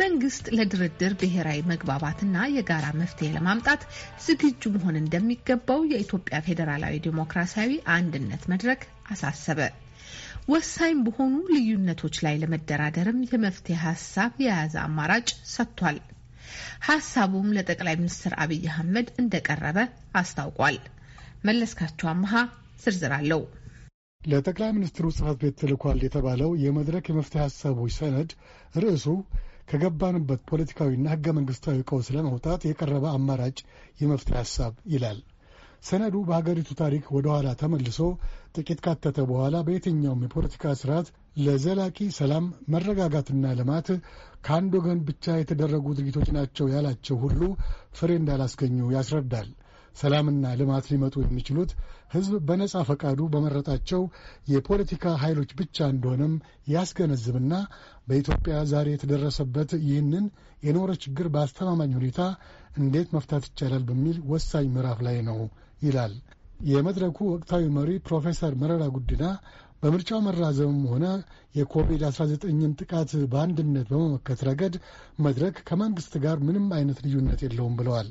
መንግስት ለድርድር ብሔራዊ መግባባትና የጋራ መፍትሄ ለማምጣት ዝግጁ መሆን እንደሚገባው የኢትዮጵያ ፌዴራላዊ ዴሞክራሲያዊ አንድነት መድረክ አሳሰበ። ወሳኝ በሆኑ ልዩነቶች ላይ ለመደራደርም የመፍትሄ ሀሳብ የያዘ አማራጭ ሰጥቷል። ሀሳቡም ለጠቅላይ ሚኒስትር አብይ አህመድ እንደቀረበ አስታውቋል። መለስካቸው አመሃ ዝርዝር አለው። ለጠቅላይ ሚኒስትሩ ጽህፈት ቤት ተልኳል የተባለው የመድረክ የመፍትሄ ሀሳቦች ሰነድ ርዕሱ ከገባንበት ፖለቲካዊና ህገ መንግስታዊ ቀውስ ለመውጣት የቀረበ አማራጭ የመፍትሄ ሀሳብ ይላል ሰነዱ። በሀገሪቱ ታሪክ ወደ ኋላ ተመልሶ ጥቂት ካተተ በኋላ በየትኛውም የፖለቲካ ስርዓት ለዘላቂ ሰላም መረጋጋትና ልማት ከአንድ ወገን ብቻ የተደረጉ ድርጊቶች ናቸው ያላቸው ሁሉ ፍሬ እንዳላስገኙ ያስረዳል። ሰላምና ልማት ሊመጡ የሚችሉት ህዝብ በነጻ ፈቃዱ በመረጣቸው የፖለቲካ ኃይሎች ብቻ እንደሆነም ያስገነዝብና በኢትዮጵያ ዛሬ የተደረሰበት ይህንን የኖረ ችግር በአስተማማኝ ሁኔታ እንዴት መፍታት ይቻላል በሚል ወሳኝ ምዕራፍ ላይ ነው ይላል። የመድረኩ ወቅታዊ መሪ ፕሮፌሰር መረራ ጉድና በምርጫው መራዘምም ሆነ የኮቪድ-19ን ጥቃት በአንድነት በመመከት ረገድ መድረክ ከመንግስት ጋር ምንም አይነት ልዩነት የለውም ብለዋል።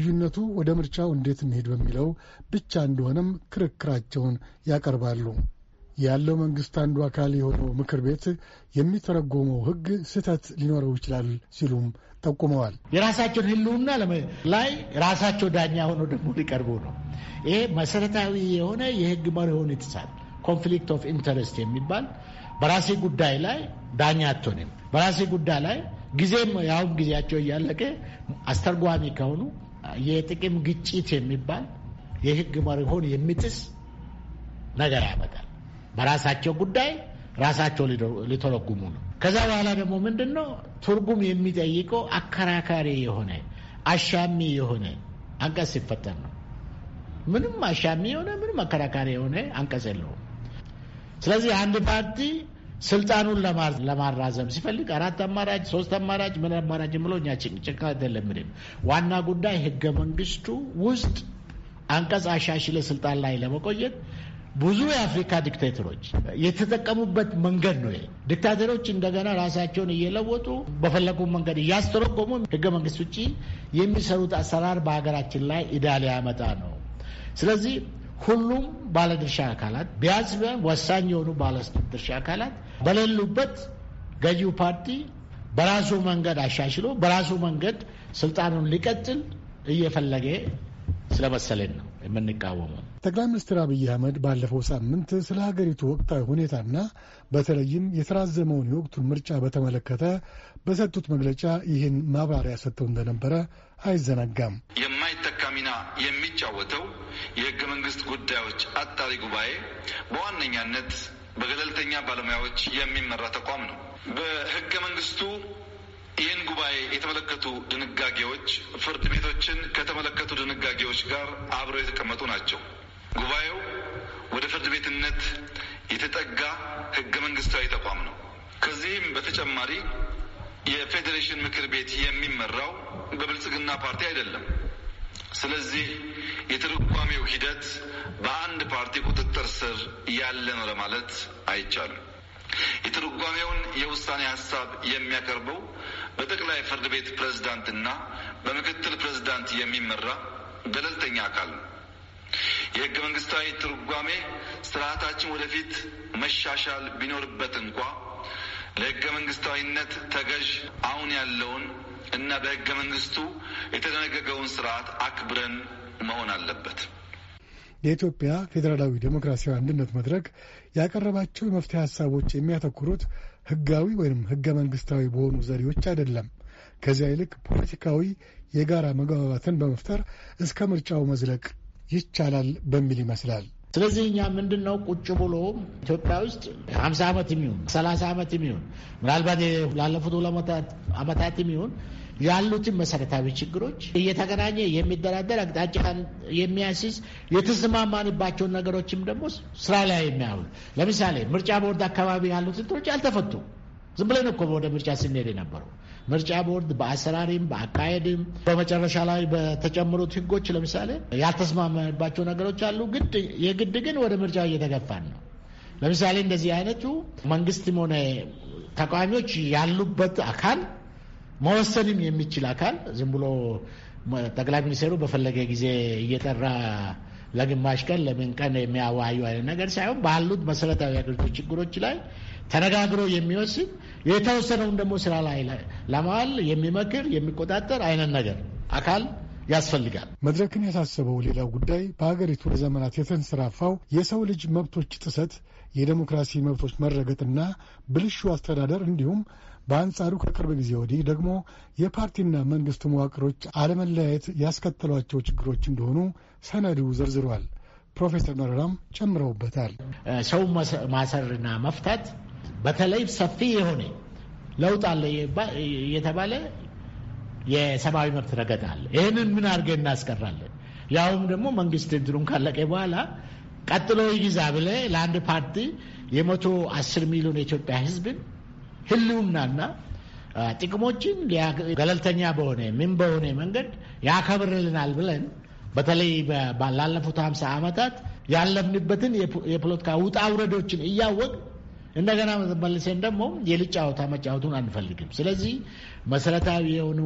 ልዩነቱ ወደ ምርጫው እንዴት እንሄድ በሚለው ብቻ እንደሆነም ክርክራቸውን ያቀርባሉ። ያለው መንግስት አንዱ አካል የሆነው ምክር ቤት የሚተረጎመው ህግ ስህተት ሊኖረው ይችላል ሲሉም ጠቁመዋል። የራሳቸውን ህልውና ላይ ራሳቸው ዳኛ ሆነው ደግሞ ሊቀርቡ ነው። ይሄ መሰረታዊ የሆነ የሕግ መርሆን ይጥሳል። ኮንፍሊክት ኦፍ ኢንተረስት የሚባል በራሴ ጉዳይ ላይ ዳኛ አትሆንም። በራሴ ጉዳይ ላይ ጊዜም ያውም ጊዜያቸው እያለቀ አስተርጓሚ ከሆኑ የጥቅም ግጭት የሚባል የህግ መርሆን የሚጥስ ነገር ያመጣል። በራሳቸው ጉዳይ ራሳቸው ሊተረጉሙ ነው። ከዛ በኋላ ደግሞ ምንድን ነው ትርጉም የሚጠይቀው አከራካሪ የሆነ አሻሚ የሆነ አንቀጽ ሲፈጠር ነው። ምንም አሻሚ የሆነ ምንም አከራካሪ የሆነ አንቀጽ የለውም። ስለዚህ አንድ ፓርቲ ስልጣኑን ለማራዘም ሲፈልግ አራት አማራጭ ሶስት አማራጭ ምን አማራጭ ብሎ እኛ ጭቅጭቅ አይደለምንም። ዋና ጉዳይ ህገ መንግስቱ ውስጥ አንቀጽ አሻሽለ ስልጣን ላይ ለመቆየት ብዙ የአፍሪካ ዲክቴተሮች የተጠቀሙበት መንገድ ነው። ዲክታተሮች እንደገና ራሳቸውን እየለወጡ በፈለጉ መንገድ እያስተረጎሙ ህገ መንግስት ውጭ የሚሰሩት አሰራር በሀገራችን ላይ ዕዳ ሊያመጣ ነው። ስለዚህ ሁሉም ባለድርሻ አካላት ቢያንስ ወሳኝ የሆኑ ባለድርሻ አካላት በሌሉበት ገዢው ፓርቲ በራሱ መንገድ አሻሽሎ በራሱ መንገድ ስልጣኑን ሊቀጥል እየፈለገ ስለመሰለን ነው የምንቃወመው። ጠቅላይ ሚኒስትር አብይ አህመድ ባለፈው ሳምንት ስለ ሀገሪቱ ወቅታዊ ሁኔታና በተለይም የተራዘመውን የወቅቱን ምርጫ በተመለከተ በሰጡት መግለጫ ይህን ማብራሪያ ሰጥተው እንደነበረ አይዘነጋም። የማይተካ ሚና የሚጫወተው የህገ መንግስት ጉዳዮች አጣሪ ጉባኤ በዋነኛነት በገለልተኛ ባለሙያዎች የሚመራ ተቋም ነው። በህገ መንግስቱ ይህን ጉባኤ የተመለከቱ ድንጋጌዎች ፍርድ ቤቶችን ከተመለከቱ ድንጋጌዎች ጋር አብረው የተቀመጡ ናቸው። ጉባኤው ወደ ፍርድ ቤትነት የተጠጋ ህገ መንግስታዊ ተቋም ነው። ከዚህም በተጨማሪ የፌዴሬሽን ምክር ቤት የሚመራው በብልጽግና ፓርቲ አይደለም። ስለዚህ የትርጓሜው ሂደት በአንድ ፓርቲ ቁጥጥር ስር ያለ ነው ለማለት አይቻልም። የትርጓሜውን የውሳኔ ሀሳብ የሚያቀርበው በጠቅላይ ፍርድ ቤት ፕሬዝዳንትና በምክትል ፕሬዝዳንት የሚመራ ገለልተኛ አካል ነው። የህገ መንግስታዊ ትርጓሜ ስርዓታችን ወደፊት መሻሻል ቢኖርበት እንኳ ለህገ መንግስታዊነት ተገዥ አሁን ያለውን እና በህገ መንግስቱ የተደነገገውን ስርዓት አክብረን መሆን አለበት። የኢትዮጵያ ፌዴራላዊ ዴሞክራሲያዊ አንድነት መድረክ ያቀረባቸው የመፍትሄ ሀሳቦች የሚያተኩሩት ህጋዊ ወይም ህገ መንግስታዊ በሆኑ ዘዴዎች አይደለም። ከዚያ ይልቅ ፖለቲካዊ የጋራ መግባባትን በመፍጠር እስከ ምርጫው መዝለቅ ይቻላል በሚል ይመስላል። ስለዚህ እኛ ምንድን ነው ቁጭ ብሎ ኢትዮጵያ ውስጥ ሀምሳ ዓመት የሚሆን ሰላሳ ዓመት የሚሆን ምናልባት ላለፉት ሁለት ዓመታት የሚሆን ያሉትን መሰረታዊ ችግሮች እየተገናኘ የሚደራደር አቅጣጫ የሚያስይዝ የተስማማንባቸውን ነገሮችም ደግሞ ስራ ላይ የሚያውል ለምሳሌ ምርጫ ቦርድ አካባቢ ያሉት እንትኖች አልተፈቱ። ዝም ብለን እኮ ወደ ምርጫ ስንሄድ የነበረው ምርጫ ቦርድ በአሰራሪም በአካሄድም በመጨረሻ ላይ በተጨምሩት ህጎች ለምሳሌ ያልተስማማንባቸው ነገሮች አሉ። የግድ ግን ወደ ምርጫ እየተገፋን ነው። ለምሳሌ እንደዚህ አይነቱ መንግስትም ሆነ ተቃዋሚዎች ያሉበት አካል መወሰንም የሚችል አካል ዝም ብሎ ጠቅላይ ሚኒስትሩ በፈለገ ጊዜ እየጠራ ለግማሽ ቀን ለምን ቀን የሚያወያዩ አይነት ነገር ሳይሆን ባሉት መሰረታዊ ሀገሪቱ ችግሮች ላይ ተነጋግሮ የሚወስድ የተወሰነውን ደግሞ ስራ ላይ ለማዋል የሚመክር የሚቆጣጠር አይነት ነገር አካል ያስፈልጋል። መድረክን ያሳሰበው ሌላው ጉዳይ በሀገሪቱ ለዘመናት የተንሰራፋው የሰው ልጅ መብቶች ጥሰት፣ የዴሞክራሲ መብቶች መረገጥና ብልሹ አስተዳደር እንዲሁም በአንጻሩ ከቅርብ ጊዜ ወዲህ ደግሞ የፓርቲና መንግስት መዋቅሮች አለመለያየት ያስከተሏቸው ችግሮች እንደሆኑ ሰነዱ ዘርዝሯል። ፕሮፌሰር መረራም ጨምረውበታል። ሰው ማሰርና መፍታት በተለይ ሰፊ የሆነ ለውጥ አለ የተባለ የሰብአዊ መብት ረገጣ አለ። ይህንን ምን አድርገን እናስቀራለን? ያውም ደግሞ መንግስት እንትኑን ካለቀ በኋላ ቀጥሎ ይግዛ ብለ ለአንድ ፓርቲ የመቶ አስር ሚሊዮን የኢትዮጵያ ህዝብን ህልውናና ጥቅሞችን ገለልተኛ በሆነ ምን በሆነ መንገድ ያከብርልናል ብለን በተለይ ላለፉት ሀምሳ ዓመታት ያለምንበትን የፖለቲካ ውጣ ውረዶችን እያወቅ እንደገና መልሰን ደግሞ የልጅ ጨዋታ መጫወቱን አንፈልግም። ስለዚህ መሰረታዊ የሆኑ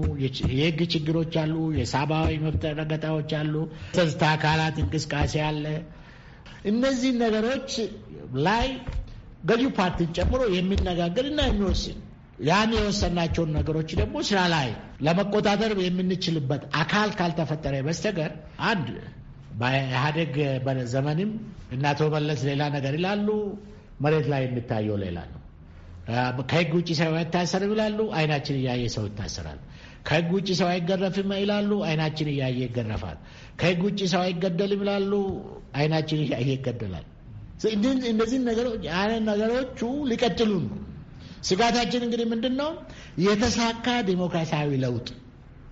የህግ ችግሮች አሉ፣ የሰብአዊ መብት ረገጣዎች አሉ፣ ጸጥታ አካላት እንቅስቃሴ አለ። እነዚህ ነገሮች ላይ ገዢው ፓርቲን ጨምሮ የሚነጋገር እና የሚወስን ያን የወሰናቸውን ነገሮች ደግሞ ስራ ላይ ለመቆጣጠር የምንችልበት አካል ካልተፈጠረ በስተቀር አንድ በኢህአዴግ ዘመንም እናቶ መለስ ሌላ ነገር ይላሉ መሬት ላይ የሚታየው ሌላ ነው። ከህግ ውጭ ሰው አይታሰርም ይላሉ፣ አይናችን እያየ ሰው ይታሰራል። ከህግ ውጭ ሰው አይገረፍም ይላሉ፣ አይናችን እያየ ይገረፋል። ከህግ ውጭ ሰው አይገደልም ይላሉ፣ አይናችን እያየ ይገደላል። እነዚህ ነገሮቹ ሊቀጥሉ ነው። ስጋታችን እንግዲህ ምንድን ነው? የተሳካ ዲሞክራሲያዊ ለውጥ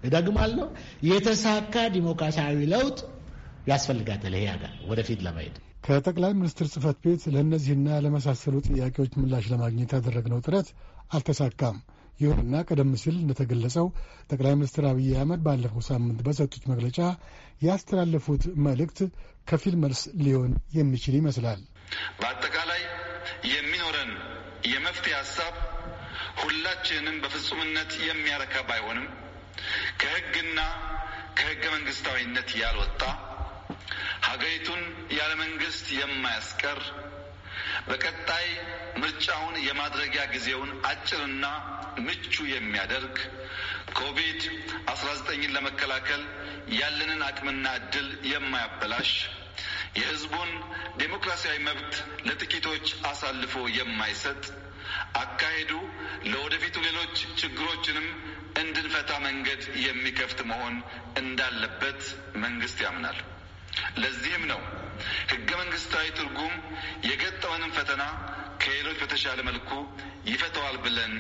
እደግማለሁ፣ የተሳካ ዲሞክራሲያዊ ለውጥ ያስፈልጋታል ይሄ ሀገር ወደፊት ለመሄድ ከጠቅላይ ሚኒስትር ጽህፈት ቤት ለእነዚህና ለመሳሰሉ ጥያቄዎች ምላሽ ለማግኘት ያደረግነው ጥረት አልተሳካም። ይሁንና ቀደም ሲል እንደተገለጸው ጠቅላይ ሚኒስትር አብይ አህመድ ባለፈው ሳምንት በሰጡት መግለጫ ያስተላለፉት መልእክት ከፊል መልስ ሊሆን የሚችል ይመስላል። በአጠቃላይ የሚኖረን የመፍትሄ ሀሳብ ሁላችንንም በፍጹምነት የሚያረካ ባይሆንም ከህግና ከህገ መንግስታዊነት ያልወጣ ሀገሪቱን ያለ መንግስት የማያስቀር በቀጣይ ምርጫውን የማድረጊያ ጊዜውን አጭርና ምቹ የሚያደርግ ኮቪድ አስራ ዘጠኝን ለመከላከል ያለንን አቅምና እድል የማያበላሽ የህዝቡን ዴሞክራሲያዊ መብት ለጥቂቶች አሳልፎ የማይሰጥ አካሄዱ ለወደፊቱ ሌሎች ችግሮችንም እንድንፈታ መንገድ የሚከፍት መሆን እንዳለበት መንግስት ያምናል። ለዚህም ነው ህገ መንግስታዊ ትርጉም የገጠመንን ፈተና ከሌሎች በተሻለ መልኩ ይፈተዋል ብለን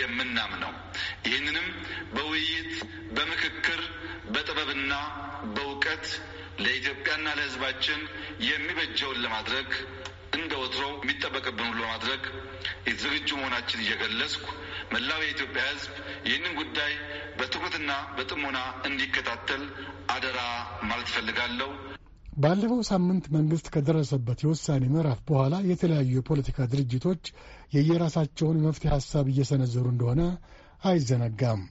የምናምነው። ይህንንም በውይይት በምክክር፣ በጥበብና በእውቀት ለኢትዮጵያና ለህዝባችን የሚበጀውን ለማድረግ እንደ ወትሮው የሚጠበቅብን ሁሉ ለማድረግ ዝግጁ መሆናችን እየገለጽኩ መላው የኢትዮጵያ ህዝብ ይህንን ጉዳይ በትኩረትና በጥሞና እንዲከታተል አደራ ማለት እፈልጋለሁ። ባለፈው ሳምንት መንግስት ከደረሰበት የውሳኔ ምዕራፍ በኋላ የተለያዩ የፖለቲካ ድርጅቶች የየራሳቸውን የመፍትሄ ሀሳብ እየሰነዘሩ እንደሆነ አይዘነጋም።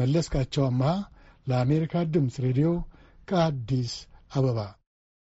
መለስካቸው አመሃ ለአሜሪካ ድምፅ ሬዲዮ ከአዲስ አበባ